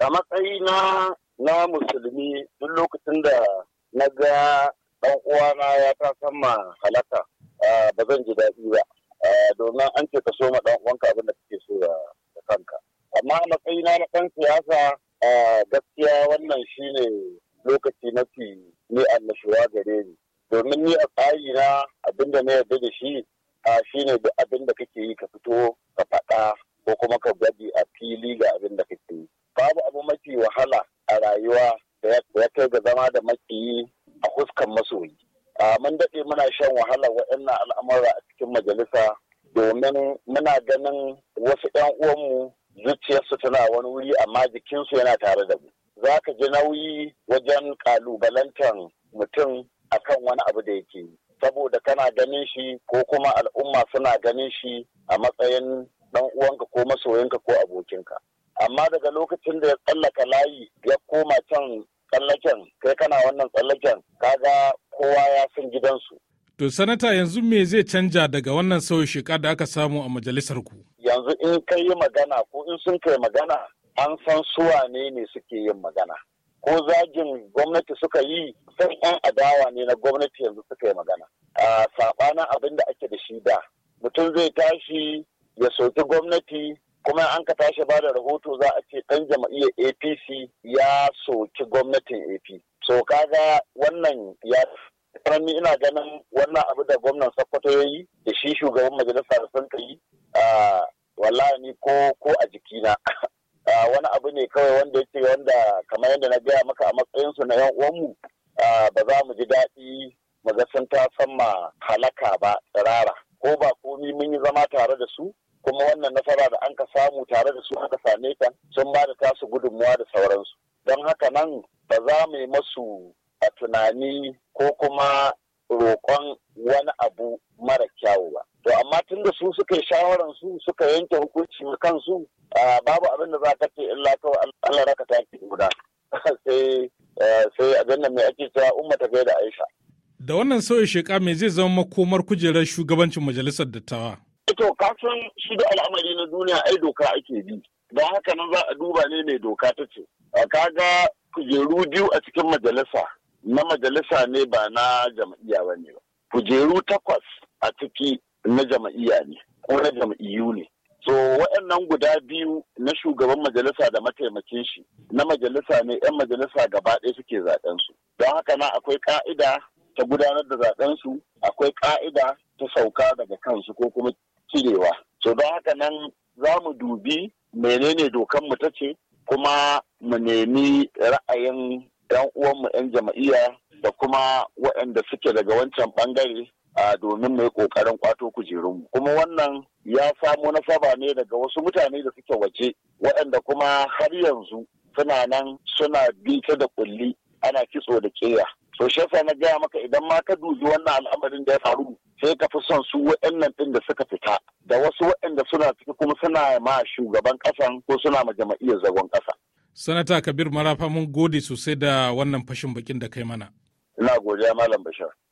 a matsayi na na musulmi duk lokacin da na ga dan uwana ya ta sama halaka ba zan ji daɗi ba domin an ce ka so ma dan uwanka abin da kake so da kanka amma a matsayi na ɗan siyasa gaskiya wannan shine lokaci mafi ni annashuwa gare ni domin ni a tsari na abinda da na yarda da shi shine ne abin da kake yi ka fito ka faɗa ko kuma ka gwaji a fili ga abinda kake yi babu abu mafi wahala a rayuwa da ya kai ga zama da makiyi a huskan masoyi mun daɗe muna shan wahala waɗannan al'amura a cikin majalisa domin muna ganin wasu 'yan uwanmu zuciyarsu tana wani wuri amma jikinsu yana tare da mu za ka ji nauyi wajen ƙalubalantar mutum akan wani abu da yake yi saboda kana ganin shi ko kuma al'umma suna ganin shi a matsayin ɗan uwanka ko masoyinka ko abokinka amma daga lokacin da ya tsallaka layi ya koma can tsallaken kai kana wannan tsallaken kaga kowa ya san gidansu To sanata yanzu me zai canja daga wannan sauyi sheka da aka samu a majalisar ku? Yanzu in kai yi magana ko in sun kai magana an san suwa ne ne suke yin magana. Ko zagin gwamnati suka yi sai yan adawa ne na gwamnati yanzu suka yi magana. A saɓanin abin da ake da shi da mutum zai tashi ya soki gwamnati kuma an ka tashi ba da rahoto za a ce ɗan jama'iyyar apc ya soki gwamnatin ap so kaga wannan ya ni ina ganin wannan abu da gwamnan sokoto ya yi da shi shugaban majalisa da sun yi wallahi ni ko ko a jikina wani abu ne kawai wanda yake wanda kamar yadda na gaya maka a matsayinsu na yan uwanmu ba za mu ji daɗi mu ga sun ta sama halaka ba tsirara ko ba komi mun yi zama tare da su kuma wannan nasara da an ka samu tare da su aka same ta sun ba da tasu gudunmuwa da sauransu don haka nan ba za mu yi masu a tunani ko kuma roƙon wani abu mara kyawu ba to amma tun da su suka yi shawaran su suka yanke hukunci kansu babu abin da za ka ce illa kawai Allah raka taki guda sai sai abin da mai ake cewa umma ta gaida Aisha da wannan sauyin sheka me zai zama makomar kujerar shugabancin majalisar dattawa To kasan shi da al'amari na duniya ai doka ake bi. Don haka nan za a duba ne mai doka ta ce. a Kaga kujeru biyu a cikin majalisa na majalisa ne ba na jam'iyya ba ne ba. Kujeru takwas a ciki na jam'iyya ne ko na jam'iyyu ne. So waɗannan guda biyu na shugaban majalisa da mataimakin shi na majalisa ne 'yan majalisa gaba ɗaya suke zaɓen su. Don haka nan akwai ka'ida ta gudanar da zaɓen su akwai ka'ida ta sauka daga kansu ko kuma cirewa. So don haka nan za mu dubi menene dokan mu ta ce kuma mu nemi ra'ayin ɗan uwanmu 'yan jama'iya da kuma waɗanda suke daga wancan ɓangare a domin mai ƙoƙarin kwato kujerunmu. Kuma wannan ya samo nasaba ne daga wasu mutane da suke waje waɗanda kuma har yanzu suna nan suna ta da ƙulli ana kitso da ƙeya so shi na gaya maka idan ma ka dubi wannan al'amarin da ya faru sai ka fi son su waɗannan ɗin da suka fita da wasu waɗanda suna ciki kuma suna ma shugaban ƙasa ko suna ma jama'iyyar zagon ƙasa. sanata kabir marafa mun gode sosai da wannan fashin bakin da kai mana. ina godiya malam bashir.